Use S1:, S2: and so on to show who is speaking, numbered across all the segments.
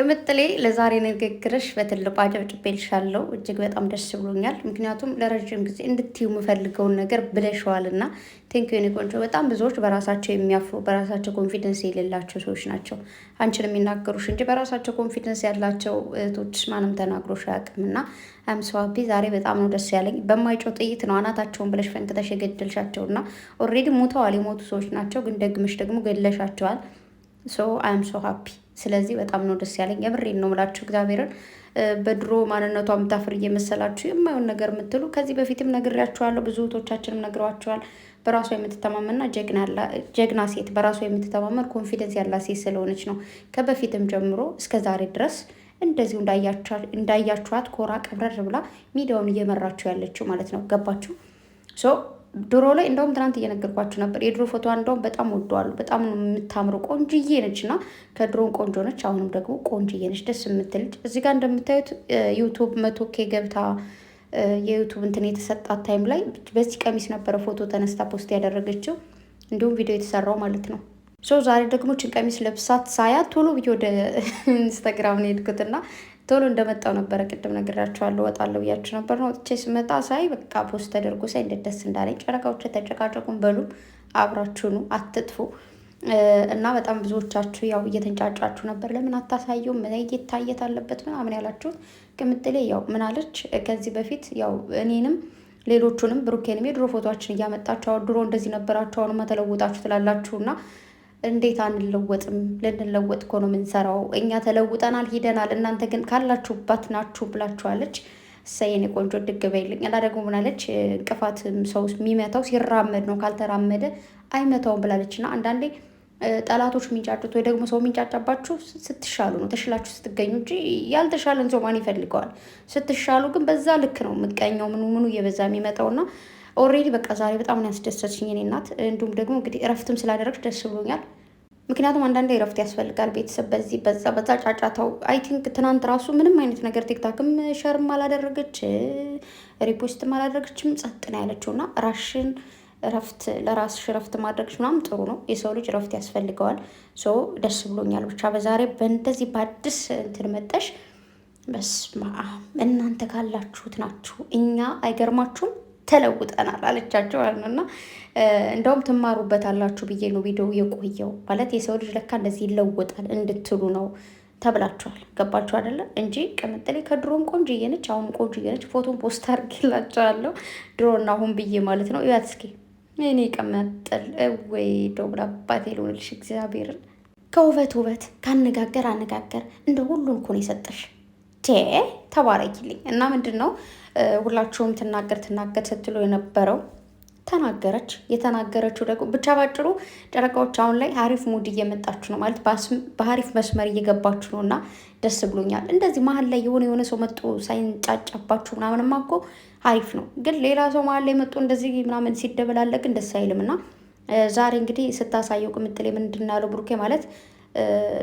S1: ቅምጥሌ ለዛሬ ንግግርሽ በትልቁ አጨብጭቤልሻለሁ። እጅግ በጣም ደስ ብሎኛል። ምክንያቱም ለረዥም ጊዜ እንድትዩ የምፈልገውን ነገር ብለሽዋልና ቴንክ የኔ ቆንጆ። በጣም ብዙዎች በራሳቸው የሚያፍሩ በራሳቸው ኮንፊደንስ የሌላቸው ሰዎች ናቸው አንቺን የሚናገሩሽ እንጂ በራሳቸው ኮንፊደንስ ያላቸው እህቶች ማንም ተናግሮሽ አያውቅም። እና አምስዋቢ ዛሬ በጣም ነው ደስ ያለኝ። በማይጮው ጥይት ነው አናታቸውን ብለሽ ፈንክተሽ የገደልሻቸው እና ኦልሬዲ ሞተዋል። የሞቱ ሰዎች ናቸው፣ ግን ደግመሽ ደግሞ ገለሻቸዋል። ሶ አም ሶ ሀፒ። ስለዚህ በጣም ነው ደስ ያለኝ። የምሬን ነው ምላችሁ እግዚአብሔርን በድሮ ማንነቷ የምታፍር እየመሰላችሁ የማይሆን ነገር የምትሉ ከዚህ በፊትም ነግሬያችኋለሁ፣ ብዙ እህቶቻችንም ነግረዋችኋል። በራሷ የምትተማመንና ጀግና ሴት በራሷ የምትተማመን ኮንፊደንስ ያላት ሴት ስለሆነች ነው ከበፊትም ጀምሮ እስከ ዛሬ ድረስ እንደዚሁ እንዳያችኋት ኮራ ቀብረር ብላ ሚዲያውን እየመራችሁ ያለችው ማለት ነው። ገባችሁ ሶ ድሮ ላይ እንደውም ትናንት እየነገርኳችሁ ነበር። የድሮ ፎቶ እንደውም በጣም ወደዋለሁ። በጣም የምታምረው ቆንጅዬ ነች እና ከድሮን ቆንጆ ነች። አሁንም ደግሞ ቆንጅዬ ነች፣ ደስ የምትል ልጅ። እዚህ ጋር እንደምታዩት ዩቱብ መቶ ኬ ገብታ የዩቱብ እንትን የተሰጣት ታይም ላይ በዚህ ቀሚስ ነበረ ፎቶ ተነስታ ፖስት ያደረገችው እንዲሁም ቪዲዮ የተሰራው ማለት ነው። ሶ ዛሬ ደግሞ ችን ቀሚስ ለብሳት ሳያት ቶሎ ብዬ ወደ ኢንስታግራም ነው የሄድኩትና ቶሎ እንደመጣው ነበረ ቅድም ነግራችኋለሁ። ወጣለሁ ብያችሁ ነበር ነው። ወጥቼ ስመጣ ሳይ በቃ ፖስት ተደርጎ ሳይ እንዴት ደስ እንዳለኝ። ጨረቃዎች ተጨቃጨቁን በሉ፣ አብራችሁኑ አትጥፉ እና በጣም ብዙዎቻችሁ ያው እየተንጫጫችሁ ነበር። ለምን አታሳየው እየታየት አለበት ምናምን ያላችሁት ቅምጥሌ ያው ምናለች ከዚህ በፊት ያው እኔንም ሌሎቹንም ብሩኬንም የድሮ ፎቶችን እያመጣችሁ ድሮ እንደዚህ ነበራችሁ አሁንማ ተለውጣችሁ ትላላችሁ እና እንዴት አንለወጥም? ልንለወጥ እኮ ነው የምንሰራው። እኛ ተለውጠናል፣ ሂደናል። እናንተ ግን ካላችሁባት ናችሁ ብላችኋለች። እሰየኔ ቆንጆ ድግበይልኝ እና ደግሞ ምናለች፣ እንቅፋት ሰው የሚመታው ሲራመድ ነው፣ ካልተራመደ አይመታውም ብላለች። እና አንዳንዴ ጠላቶች የሚንጫጩት ወይ ደግሞ ሰው የሚንጫጫባችሁ ስትሻሉ ነው። ተሽላችሁ ስትገኙ እንጂ ያልተሻለን ሰው ማን ይፈልገዋል? ስትሻሉ ግን በዛ ልክ ነው ምቀኛው ምኑ ምኑ እየበዛ የሚመጣውና ኦሬዲ በቃ ዛሬ በጣም ነው ያስደሰትሽኝ እኔ እናት። እንዲሁም ደግሞ እንግዲህ እረፍትም ስላደረግሽ ደስ ብሎኛል። ምክንያቱም አንዳንዴ እረፍት ያስፈልጋል። ቤተሰብ በዚህ በዛ በዛ ጫጫታው አይ ቲንክ ትናንት ራሱ ምንም አይነት ነገር ቲክታክም ሸርም አላደረገች ሪፖስትም አላደረገችም ጸጥ ነው ያለችው እና ራሽን እረፍት ለራስሽ እረፍት ማድረግሽ ምናምን ጥሩ ነው። የሰው ልጅ እረፍት ያስፈልገዋል። ሶ ደስ ብሎኛል ብቻ በዛሬ በእንደዚህ በአዲስ እንትን መጠሽ በስማ እናንተ ካላችሁት ናችሁ እኛ አይገርማችሁም? ተለውጠናል አለቻቸው ማለት እና እንደውም ትማሩበታላችሁ ብዬ ነው ቪዲዮ የቆየው። ማለት የሰው ልጅ ለካ እንደዚህ ይለወጣል እንድትሉ ነው ተብላችኋል። ገባችሁ አደለ? እንጂ ቅምጥሌ ከድሮም ቆንጅዬ እየነች አሁን ቆንጅዬ እየነች ፎቶን ፖስት አድርጌላችኋለሁ፣ ድሮና አሁን ብዬ ማለት ነው። እያት እስኪ እኔ ቅምጥል ወይ ደውላ አባቴ ልሆንልሽ እግዚአብሔርን ከውበት ውበት ከአነጋገር አነጋገር እንደ ሁሉን ኮን የሰጠሽ ቴ ተባረኪልኝ እና ምንድን ነው ሁላችሁም ትናገር ትናገር ስትሉ የነበረው ተናገረች። የተናገረችው ደግሞ ብቻ ባጭሩ ጨረቃዎች አሁን ላይ ሀሪፍ ሙድ እየመጣችሁ ነው ማለት በሀሪፍ መስመር እየገባችሁ ነው እና ደስ ብሎኛል። እንደዚህ መሀል ላይ የሆነ የሆነ ሰው መጡ ሳይንጫጫባችሁ ምናምንማ እኮ ሀሪፍ ነው፣ ግን ሌላ ሰው መሀል ላይ መጡ እንደዚህ ምናምን ሲደበላለቅን ደስ አይልም እና ዛሬ እንግዲህ ስታሳየው ቅምጥሌ ምንድን ነው ያለው ብሩኬ ማለት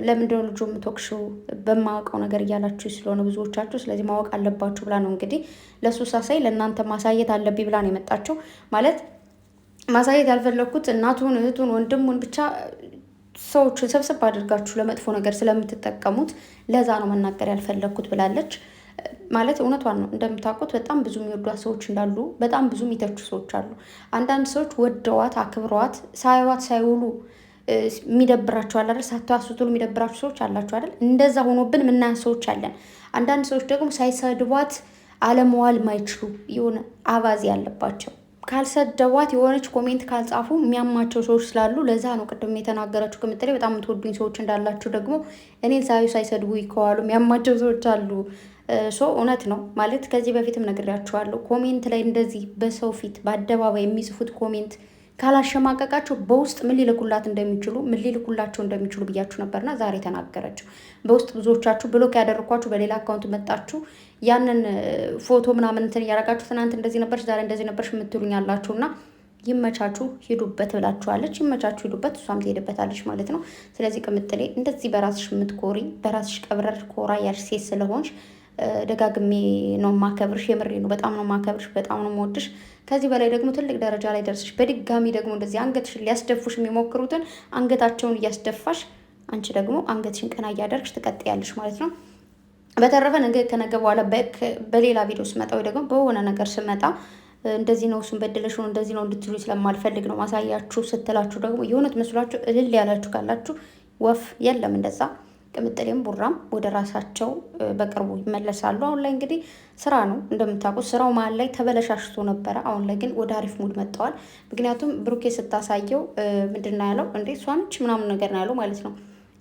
S1: ለምንድነው ልጆ የምትወቅሽው በማወቀው ነገር እያላችሁ ስለሆነ ብዙዎቻችሁ፣ ስለዚህ ማወቅ አለባችሁ ብላ ነው እንግዲህ ለእሱ ሳሳይ ለእናንተ ማሳየት አለብኝ ብላ ነው የመጣችው። ማለት ማሳየት ያልፈለግኩት እናቱን፣ እህቱን፣ ወንድሙን ብቻ ሰዎችን ሰብሰብ አድርጋችሁ ለመጥፎ ነገር ስለምትጠቀሙት ለዛ ነው መናገር ያልፈለግኩት ብላለች። ማለት እውነቷን ነው። እንደምታውቁት በጣም ብዙ የሚወዷት ሰዎች እንዳሉ በጣም ብዙ የሚተቹ ሰዎች አሉ። አንዳንድ ሰዎች ወደዋት አክብረዋት ሳይዋት ሳይውሉ የሚደብራቸው አለ አይደል? ሳታስቱ የሚደብራቸው ሰዎች አላቸው አይደል? እንደዛ ሆኖብን ምናን ሰዎች አለን። አንዳንድ ሰዎች ደግሞ ሳይሰድቧት አለመዋል ማይችሉ የሆነ አባዜ ያለባቸው ካልሰደቧት የሆነች ኮሜንት ካልጻፉ የሚያማቸው ሰዎች ስላሉ ለዛ ነው ቅድም የተናገራችሁ ከምትለኝ በጣም የምትወዱኝ ሰዎች እንዳላችሁ ደግሞ እኔን ሳዩ ሳይሰድቡ ይከዋሉ የሚያማቸው ሰዎች አሉ። ሶ እውነት ነው ማለት ከዚህ በፊትም ነግሬያችኋለሁ። ኮሜንት ላይ እንደዚህ በሰው ፊት በአደባባይ የሚጽፉት ኮሜንት ካላሸማቀቃቸው በውስጥ ምን ሊልኩላት እንደሚችሉ ምን ሊልኩላቸው እንደሚችሉ ብያችሁ ነበርና ዛሬ ተናገረችው። በውስጥ ብዙዎቻችሁ ብሎክ ያደረኳችሁ በሌላ አካውንት መጣችሁ ያንን ፎቶ ምናምን እንትን ትናንት እንደዚህ ነበርሽ፣ ዛሬ እንደዚህ ነበርሽ የምትሉኝ ያላችሁ እና ይመቻችሁ ሂዱበት ብላችኋለች። ይመቻችሁ ሂዱበት፣ እሷም ትሄድበታለች ማለት ነው። ስለዚህ ቅምጥሌ እንደዚህ በራስሽ የምትኮሪ በራስሽ ቀብረር ኮራ ያልሽ ሴት ስለሆንሽ ደጋግሜ ነው ማከብርሽ። የምሬ ነው። በጣም ነው ማከብርሽ፣ በጣም ነው መወድሽ። ከዚህ በላይ ደግሞ ትልቅ ደረጃ ላይ ደርስሽ። በድጋሚ ደግሞ እንደዚህ አንገትሽን ሊያስደፉሽ የሚሞክሩትን አንገታቸውን እያስደፋሽ አንቺ ደግሞ አንገትሽን ቀና እያደርግሽ ትቀጥያለሽ ማለት ነው። በተረፈ ነገ ከነገ በኋላ በሌላ ቪዲዮ ስመጣ ወይ ደግሞ በሆነ ነገር ስመጣ እንደዚህ ነው እሱን በደለሽ ነው እንደዚህ ነው እንድትሉ ስለማልፈልግ ነው ማሳያችሁ። ስትላችሁ ደግሞ የእውነት መስሏችሁ እልል ያላችሁ ካላችሁ ወፍ የለም እንደዛ ቅምጥሌም ቡራም ወደ ራሳቸው በቅርቡ ይመለሳሉ። አሁን ላይ እንግዲህ ስራ ነው እንደምታውቁት፣ ስራው መሀል ላይ ተበለሻሽቶ ነበረ። አሁን ላይ ግን ወደ አሪፍ ሙድ መጥተዋል። ምክንያቱም ብሩኬ ስታሳየው ምንድን ነው ያለው እንዴ እሷ ነች ምናምን ነገር ነው ያለው ማለት ነው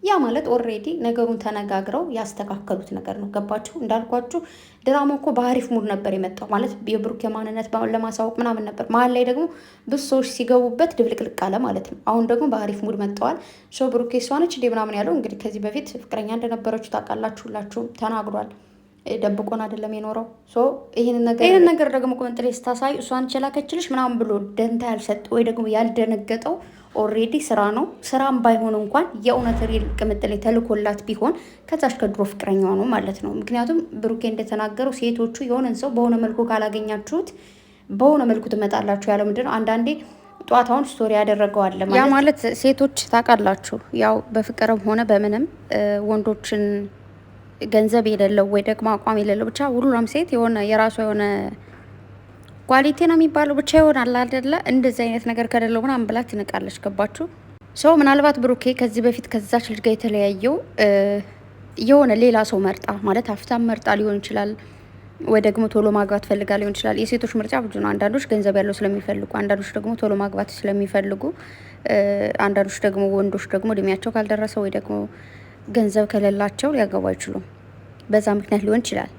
S1: ያ ማለት ኦሬዲ ነገሩን ተነጋግረው ያስተካከሉት ነገር ነው። ገባችሁ? እንዳልኳችሁ ድራማ እኮ በአሪፍ ሙድ ነበር የመጣው ማለት የብሩክ የማንነት ለማሳወቅ ምናምን ነበር። መሀል ላይ ደግሞ ብዙ ሰዎች ሲገቡበት ድብልቅልቅ አለ ማለት ነው። አሁን ደግሞ በአሪፍ ሙድ መጥተዋል። ሶ ብሩክ ሷነች እንዴ ምናምን ያለው እንግዲህ ከዚህ በፊት ፍቅረኛ እንደነበረችው ታውቃላችሁ፣ ሁላችሁም ተናግሯል። ደብቆን አይደለም የኖረው። ይህን ነገር ደግሞ ቆንጥሬ ስታሳይ እሷን ችላከችልሽ ምናምን ብሎ ደንታ ያልሰጠ ወይ ደግሞ ያልደነገጠው ኦሬዲ ስራ ነው። ስራም ባይሆን እንኳን የእውነት ሪል ቅምጥል የተልኮላት ቢሆን ከዛች ከድሮ ፍቅረኛ ነው ማለት ነው። ምክንያቱም ብሩኬ እንደተናገረው ሴቶቹ የሆነን ሰው በሆነ መልኩ ካላገኛችሁት በሆነ መልኩ ትመጣላችሁ ያለው ምንድነው አንዳንዴ ጧታውን ስቶሪ ያደረገዋል ያ ማለት ሴቶች ታውቃላችሁ፣ ያው በፍቅርም ሆነ በምንም ወንዶችን ገንዘብ የሌለው ወይ ደግሞ አቋም የሌለው ብቻ ሁሉም ሴት የሆነ የራሷ የሆነ ኳሊቲ ነው የሚባለው ብቻ ይሆናል አይደለ? እንደዚህ አይነት ነገር ከደለው ምናምን ብላ ትንቃለች። ገባችሁ? ሰው ምናልባት ብሩኬ ከዚህ በፊት ከዛች ልጅ ጋር የተለያየው የሆነ ሌላ ሰው መርጣ ማለት ሀፍታም መርጣ ሊሆን ይችላል፣ ወይ ደግሞ ቶሎ ማግባት ፈልጋ ሊሆን ይችላል። የሴቶች ምርጫ ብዙ ነው። አንዳንዶች ገንዘብ ያለው ስለሚፈልጉ፣ አንዳንዶች ደግሞ ቶሎ ማግባት ስለሚፈልጉ፣ አንዳንዶች ደግሞ ወንዶች ደግሞ እድሜያቸው ካልደረሰ ወይ ደግሞ ገንዘብ ከሌላቸው ሊያገቡ አይችሉም። በዛ ምክንያት ሊሆን ይችላል።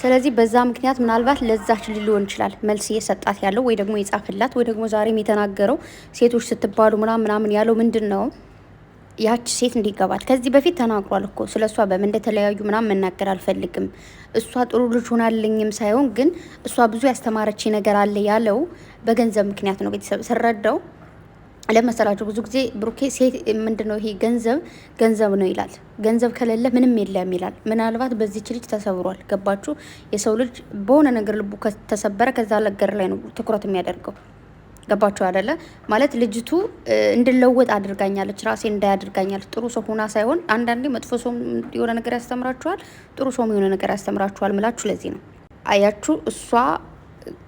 S1: ስለዚህ በዛ ምክንያት ምናልባት ለዛች ሊሆን ይችላል መልስ እየሰጣት ያለው ወይ ደግሞ የጻፈላት ወይ ደግሞ ዛሬም የተናገረው ሴቶች ስትባሉ ምናምን ምናምን ያለው ምንድን ነው ያች ሴት እንዲገባት ከዚህ በፊት ተናግሯል እኮ ስለ እሷ በምን እንደተለያዩ ምናምን መናገር አልፈልግም። እሷ ጥሩ ልጅ ሆናልኝም ሳይሆን ግን እሷ ብዙ ያስተማረች ነገር አለ ያለው በገንዘብ ምክንያት ነው ቤተሰብ ስረዳው ለመሰራችሁ ብዙ ጊዜ ብሩኬ ሴት ምንድነው ይሄ ገንዘብ ገንዘብ ነው ይላል። ገንዘብ ከሌለ ምንም የለም ይላል። ምናልባት በዚች ልጅ ተሰብሯል። ገባችሁ? የሰው ልጅ በሆነ ነገር ልቡ ተሰበረ፣ ከዛ ነገር ላይ ነው ትኩረት የሚያደርገው። ገባችሁ አይደለ? ማለት ልጅቱ እንድለወጥ አድርጋኛለች፣ ራሴ እንዳያድርጋኛለች። ጥሩ ሰው ሆና ሳይሆን አንዳንዴ መጥፎ ሰው የሆነ ነገር ያስተምራችኋል፣ ጥሩ ሰውም የሆነ ነገር ያስተምራችኋል። ምላችሁ ለዚህ ነው አያችሁ እሷ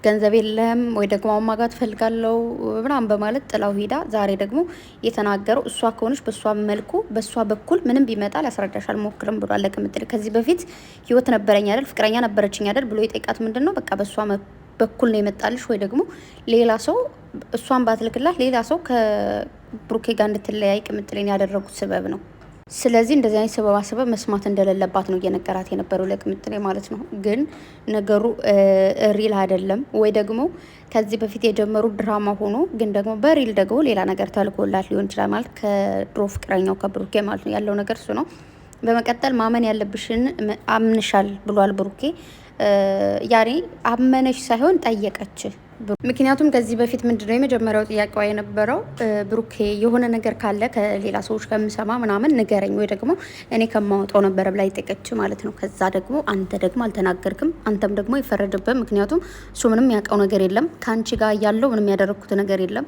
S1: ገንዘብ የለህም ወይ ደግሞ አማጋት ፈልጋለው ምናምን በማለት ጥላው ሂዳ ዛሬ ደግሞ የተናገረው እሷ ከሆነች በእሷ መልኩ በእሷ በኩል ምንም ቢመጣ ሊያስረዳሽ አልሞክርም ብሏል። ለቅምጥል ከዚህ በፊት ህይወት ነበረኝ አይደል ፍቅረኛ ነበረችኝ አይደል ብሎ የጠይቃት ምንድን ነው በቃ በእሷ በኩል ነው የመጣልሽ ወይ ደግሞ ሌላ ሰው እሷን ባትልክላት ሌላ ሰው ከብሩኬ ጋር እንድትለያይ ቅምጥልን ያደረጉት ስበብ ነው። ስለዚህ እንደዚህ አይነት ሰበብ አስበብ መስማት እንደሌለባት ነው እየነገራት የነበረው ለቅምጥሌ ማለት ነው። ግን ነገሩ ሪል አይደለም ወይ ደግሞ ከዚህ በፊት የጀመሩ ድራማ ሆኖ ግን ደግሞ በሪል ደግሞ ሌላ ነገር ተልኮላት ሊሆን ይችላል ማለት ከድሮ ፍቅረኛው ከብሩኬ ማለት ነው ያለው ነገር እሱ ነው። በመቀጠል ማመን ያለብሽን አምንሻል ብሏል ብሩኬ። ያኔ አመነሽ ሳይሆን ጠየቀች። ምክንያቱም ከዚህ በፊት ምንድነው የመጀመሪያው ጥያቄዋ የነበረው ብሩኬ የሆነ ነገር ካለ ከሌላ ሰዎች ከምሰማ ምናምን ንገረኝ ወይ ደግሞ እኔ ከማወጣው ነበር ብላ ይጠቀች ማለት ነው። ከዛ ደግሞ አንተ ደግሞ አልተናገርክም፣ አንተም ደግሞ ይፈረድብህ። ምክንያቱም እሱ ምንም ያውቀው ነገር የለም ከአንቺ ጋር ያለው ምንም ያደረግኩት ነገር የለም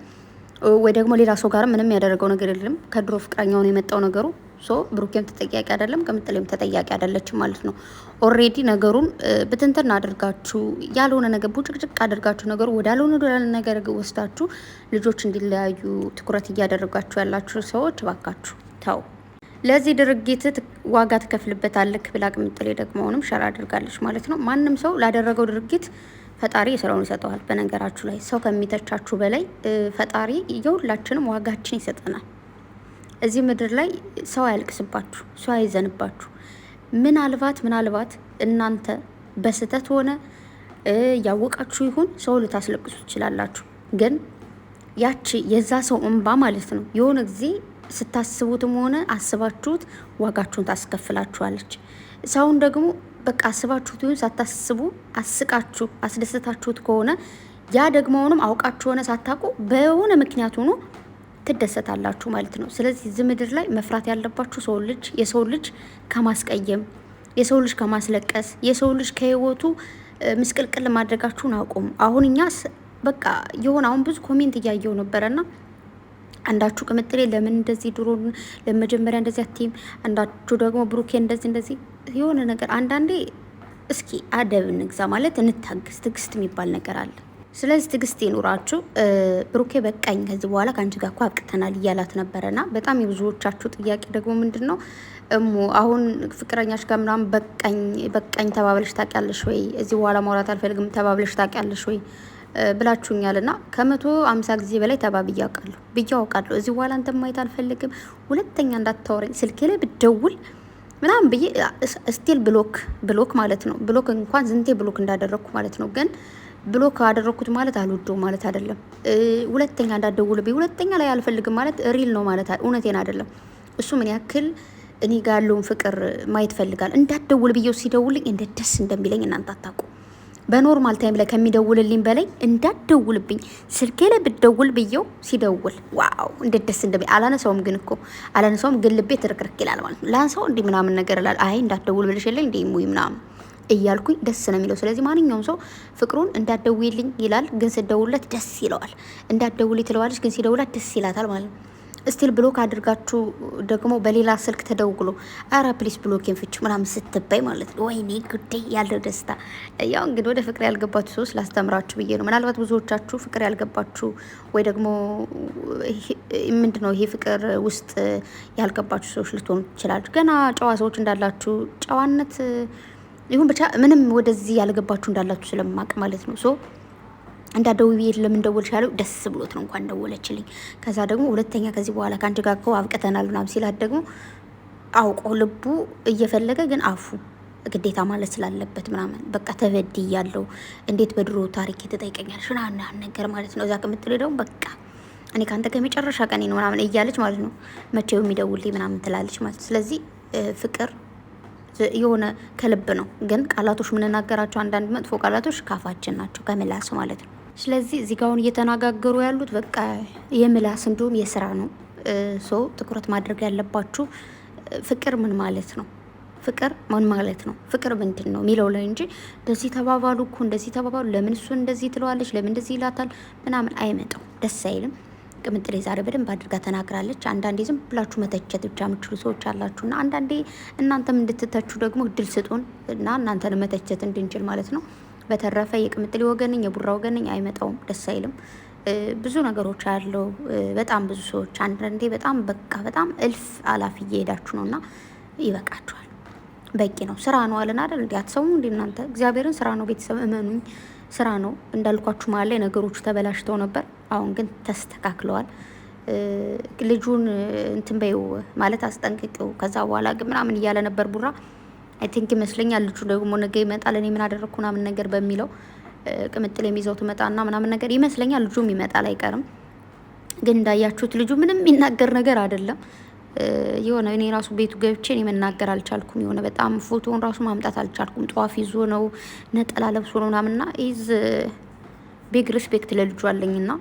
S1: ወይ ደግሞ ሌላ ሰው ጋር ምንም ያደረገው ነገር የለም። ከድሮ ፍቅረኛውን የመጣው ነገሩ ሶ ብሩኬም ተጠያቂ አይደለም፣ ቅምጥሌም ተጠያቂ አይደለችም ማለት ነው። ኦሬዲ ነገሩን ብትንትን አድርጋችሁ ያልሆነ ነገር ቡጭቅጭቅ አድርጋችሁ ነገሩ ወዳልሆነ ወዳለ ነገር ወስዳችሁ ልጆች እንዲለያዩ ትኩረት እያደረጋችሁ ያላችሁ ሰዎች እባካችሁ ተው። ለዚህ ድርጊት ዋጋ ትከፍልበታለህ ብላ ቅምጥሌ ደግሞ አሁንም ሸራ አድርጋለች ማለት ነው። ማንም ሰው ላደረገው ድርጊት ፈጣሪ የስራውን ይሰጠዋል። በነገራችሁ ላይ ሰው ከሚተቻችሁ በላይ ፈጣሪ የሁላችንም ዋጋችን ይሰጠናል። እዚህ ምድር ላይ ሰው አያልቅስባችሁ፣ ሰው አይዘንባችሁ። ምናልባት ምናልባት እናንተ በስህተት ሆነ ያወቃችሁ ይሁን ሰው ልታስለቅሱ ትችላላችሁ። ግን ያቺ የዛ ሰው እንባ ማለት ነው የሆነ ጊዜ ስታስቡትም ሆነ አስባችሁት ዋጋችሁን ታስከፍላችኋለች። ሰውን ደግሞ በቃ አስባችሁት ይሁን ሳታስቡ አስቃችሁ አስደስታችሁት ከሆነ ያ ደግሞ አሁንም አውቃችሁ ሆነ ሳታውቁ በሆነ ምክንያት ሆኖ ትደሰታላችሁ ማለት ነው። ስለዚህ እዚህ ምድር ላይ መፍራት ያለባችሁ ሰው ልጅ የሰው ልጅ ከማስቀየም፣ የሰው ልጅ ከማስለቀስ፣ የሰው ልጅ ከህይወቱ ምስቅልቅል ማድረጋችሁን አቁም። አሁን እኛ በቃ የሆነ አሁን ብዙ ኮሜንት እያየው ነበረና አንዳችሁ ቅምጥሌ ለምን እንደዚህ ድሮ ለመጀመሪያ እንደዚህ አትይም፣ አንዳችሁ ደግሞ ብሩኬ እንደዚህ እንደዚህ የሆነ ነገር አንዳንዴ እስኪ አደብ እንግዛ ማለት እንታግስ። ትግስት የሚባል ነገር አለ። ስለዚህ ትግስት ይኑራችሁ። ብሩኬ በቃኝ ከዚህ በኋላ ከአንቺ ጋር እኮ አብቅተናል እያላት ነበረና በጣም የብዙዎቻችሁ ጥያቄ ደግሞ ምንድን ነው እሙ አሁን ፍቅረኛሽ ጋር ምናምን በቃኝ በቃኝ ተባብለሽ ታውቂያለሽ ወይ እዚህ በኋላ ማውራት አልፈልግም ተባብለሽ ታውቂያለሽ ወይ ብላችሁኛል እና ከመቶ አምሳ ጊዜ በላይ ተባብ እያውቃለሁ ብዬ አውቃለሁ። እዚህ በኋላ አንተ ማየት አልፈልግም፣ ሁለተኛ እንዳታወረኝ፣ ስልኬ ላይ ብደውል ምናምን ብዬ ስቲል ብሎክ ብሎክ ማለት ነው ብሎክ እንኳን ዝንቴ ብሎክ እንዳደረግኩ ማለት ነው ግን ብሎ ካደረኩት ማለት አልወደው ማለት አይደለም። ሁለተኛ እንዳትደውልብኝ ሁለተኛ ላይ አልፈልግም ማለት ሪል ነው ማለት እውነቴን አይደለም። እሱ ምን ያክል እኔ ጋር ያለውን ፍቅር ማየት ፈልጋል። እንዳደውል ብዬው ሲደውልኝ እንደ ደስ እንደሚለኝ እናንተ አታውቁ። በኖርማል ታይም ላይ ከሚደውልልኝ በላይ እንዳደውልብኝ ስልኬ ላይ ብደውል ብዬው ሲደውል ዋው እንደ ደስ እንደሚ አላነሰውም። ግን እኮ አላነሰውም፣ ግን ልቤ ትርክርክ ይላል ማለት ነው። ላንሰው እንዲህ ምናምን ነገር ላል አይ እንዳደውል ብለሽ የለኝ እንዲህ ሙይ ምናምን እያልኩኝ ደስ ነው የሚለው። ስለዚህ ማንኛውም ሰው ፍቅሩን እንዳደውልኝ ይላል፣ ግን ስደውለት ደስ ይለዋል። እንዳትደውልኝ ትለዋለች፣ ግን ሲደውላት ደስ ይላታል ማለት ነው። ስቲል ብሎክ አድርጋችሁ ደግሞ በሌላ ስልክ ተደውሎ አረ ፕሊስ ብሎኬን ፍች ምናምን ስትባይ ማለት ነው። ወይኔ ጉዳይ ያለው ደስታ። ያው እንግዲህ ወደ ፍቅር ያልገባችሁ ሰዎች ላስተምራችሁ ብዬ ነው። ምናልባት ብዙዎቻችሁ ፍቅር ያልገባችሁ ወይ ደግሞ ምንድን ነው ይሄ ፍቅር ውስጥ ያልገባችሁ ሰዎች ልትሆኑ ትችላላችሁ። ገና ጨዋ ሰዎች እንዳላችሁ ጨዋነት ይሁን ብቻ ምንም ወደዚህ ያልገባችሁ እንዳላችሁ ስለማቅ ማለት ነው ሶ እንዳደው ብዬ ለምን ደወልሽ ያለው ደስ ብሎት ነው እንኳን ደወለችልኝ። ከዛ ደግሞ ሁለተኛ ከዚህ በኋላ ከአንቺ ጋር እኮ አብቅተናል ምናምን ሲላት ደግሞ አውቆ ልቡ እየፈለገ ግን አፉ ግዴታ ማለት ስላለበት ምናምን በቃ ተበድ ያለው እንዴት በድሮ ታሪክ ትጠይቀኛለሽ? ናና ነገር ማለት ነው እዛ ከምትል ደግሞ በቃ እኔ ከአንተ ከመጨረሻ ቀኔ ነው ምናምን እያለች ማለት ነው መቼው የሚደውልኝ ምናምን ትላለች ማለት ነው። ስለዚህ ፍቅር የሆነ ከልብ ነው። ግን ቃላቶች የምንናገራቸው አንዳንድ መጥፎ ቃላቶች ካፋችን ናቸው ከምላስ ማለት ነው። ስለዚህ እዚህ ጋር አሁን እየተነጋገሩ ያሉት በቃ የምላስ እንዲሁም የስራ ነው። ሰው ትኩረት ማድረግ ያለባችሁ ፍቅር ምን ማለት ነው፣ ፍቅር ምን ማለት ነው፣ ፍቅር ምንድን ነው የሚለው ላይ እንጂ እንደዚህ ተባባሉ እኮ እንደዚህ ተባባሉ፣ ለምን እሱ እንደዚህ ትለዋለች፣ ለምን እንደዚህ ይላታል ምናምን አይመጣው፣ ደስ አይልም። ቅምጥሌ ዛሬ በደንብ አድርጋ ተናግራለች። አንዳንዴ ዝም ብላችሁ መተቸት ብቻ የምችሉ ሰዎች አላችሁና አንዳንዴ እናንተም እንድትተቹ ደግሞ እድል ስጡን እና እናንተን መተቸት እንድንችል ማለት ነው። በተረፈ የቅምጥሌ ወገንኝ የቡራ ወገንኝ አይመጣውም፣ ደስ አይልም። ብዙ ነገሮች አለው። በጣም ብዙ ሰዎች አንዳንዴ በጣም በቃ በጣም እልፍ አላፍ እየሄዳችሁ ነው እና ይበቃችኋል። በቂ ነው። ስራ ነው አለን አይደል? እንዲህ አትሰሙ እንዲህ እናንተ እግዚአብሔርን ስራ ነው ቤተሰብ እመኑኝ። ስራ ነው እንዳልኳችሁ መሀል ላይ ነገሮቹ ተበላሽተው ነበር። አሁን ግን ተስተካክለዋል። ልጁን እንትን በይው ማለት አስጠንቅቂው፣ ከዛ በኋላ ግን ምናምን እያለ ነበር ቡራ አይ ቲንክ ይመስለኛል። ልጁ ደግሞ ነገ ይመጣል እኔ ምን አደረግኩ ምናምን ነገር በሚለው ቅምጥል የሚይዘው ትመጣና ምናምን ነገር ይመስለኛል። ልጁም ይመጣል አይቀርም። ግን እንዳያችሁት ልጁ ምንም የሚናገር ነገር አይደለም። የሆነ እኔ ራሱ ቤቱ ገብቼ እኔ መናገር አልቻልኩም። የሆነ በጣም ፎቶውን ራሱ ማምጣት አልቻልኩም። ጠዋፍ ይዞ ነው ነጠላ ለብሶ ነው ምናምን ኢዝ ቢግ ሪስፔክት ለልጁ አለኝና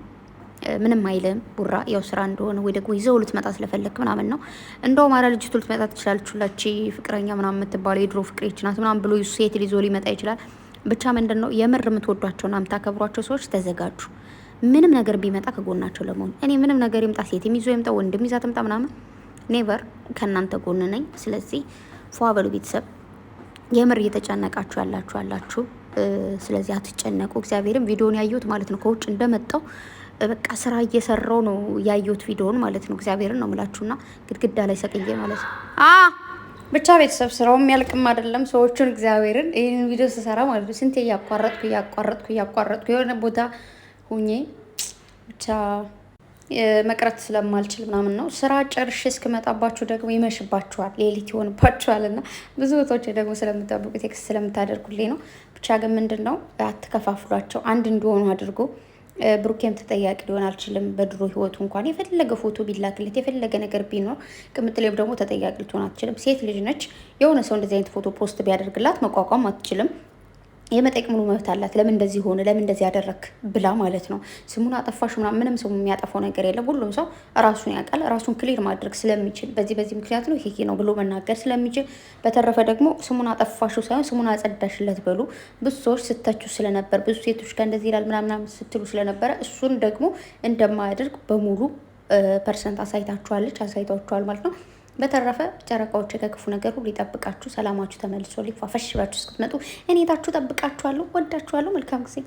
S1: ምንም አይልም። ቡራ ያው ስራ እንደሆነ ወይ ደግሞ ይዘው ልትመጣ ስለፈለግ ምናምን ነው እንደው አራ ልጅቱ ልትመጣ ትችላለች። ሁላች ፍቅረኛ ምናምን የምትባለው የድሮ ፍቅሬች ናት ምናምን ብሎ ሴት ሊዞ ሊመጣ ይችላል። ብቻ ምንድን ነው የምር የምትወዷቸውና የምታከብሯቸው ሰዎች ተዘጋጁ። ምንም ነገር ቢመጣ ከጎናቸው ለመሆን እኔ ምንም ነገር ይምጣ፣ ሴት ይዞ ይምጣ፣ ወንድም ይዛ ትምጣ ምናምን ኔቨር ከእናንተ ጎን ነኝ። ስለዚህ ፏበሉ ቤተሰብ የምር እየተጨነቃችሁ ያላችሁ አላችሁ። ስለዚህ አትጨነቁ። እግዚአብሔርም ቪዲዮን ያየሁት ማለት ነው ከውጭ እንደመጣው በቃ ስራ እየሰራው ነው ያየሁት ቪዲዮን ማለት ነው። እግዚአብሔርን ነው ምላችሁና ግድግዳ ላይ ሰቅዬ ማለት ነው አ ብቻ ቤተሰብ ስራው የሚያልቅም አይደለም። ሰዎቹን እግዚአብሔርን ይህን ቪዲዮ ስሰራ ማለት ነው ስንቴ እያቋረጥኩ እያቋረጥኩ እያቋረጥኩ የሆነ ቦታ ሁኜ ብቻ መቅረት ስለማልችል ምናምን ነው። ስራ ጨርሼ እስክመጣባችሁ ደግሞ ይመሽባችኋል፣ ሌሊት ይሆንባችኋል። እና ብዙ እህቶች ደግሞ ስለምጠብቁ ቴክስት ስለምታደርጉልኝ ነው። ብቻ ግን ምንድን ነው አትከፋፍሏቸው፣ አንድ እንደሆኑ አድርጎ ብሩኬም ተጠያቂ ሊሆን አልችልም። በድሮ ህይወቱ እንኳን የፈለገ ፎቶ ቢላክለት የፈለገ ነገር ቢኖር ቅምጥሌም ደግሞ ተጠያቂ ልትሆን አትችልም። ሴት ልጅ ነች። የሆነ ሰው እንደዚህ አይነት ፎቶ ፖስት ቢያደርግላት መቋቋም አትችልም። የመጠየቅ ሙሉ መብት አላት። ለምን እንደዚህ ሆነ፣ ለምን እንደዚህ ያደረክ ብላ ማለት ነው። ስሙን አጠፋሽ ምናምን፣ ምንም ሰው የሚያጠፋው ነገር የለም። ሁሉም ሰው ራሱን ያውቃል። ራሱን ክሊር ማድረግ ስለሚችል በዚህ በዚህ ምክንያት ነው ይሄ ነው ብሎ መናገር ስለሚችል፣ በተረፈ ደግሞ ስሙን አጠፋሹ ሳይሆን ስሙን አጸዳሽለት በሉ። ብዙ ሰዎች ስተቹ ስለነበር ብዙ ሴቶች ጋር እንደዚህ ይላል ምናምን ስትሉ ስለነበረ እሱን ደግሞ እንደማያደርግ በሙሉ ፐርሰንት አሳይታችኋለች፣ አሳይታችኋል ማለት ነው። በተረፈ ጨረቃዎች ከክፉ ነገር ሁሉ ይጠብቃችሁ። ሰላማችሁ ተመልሶ ሊፋፈሽባችሁ እስክትመጡ እኔታችሁ ጠብቃችኋለሁ። ወዳችኋለሁ። መልካም ጊዜ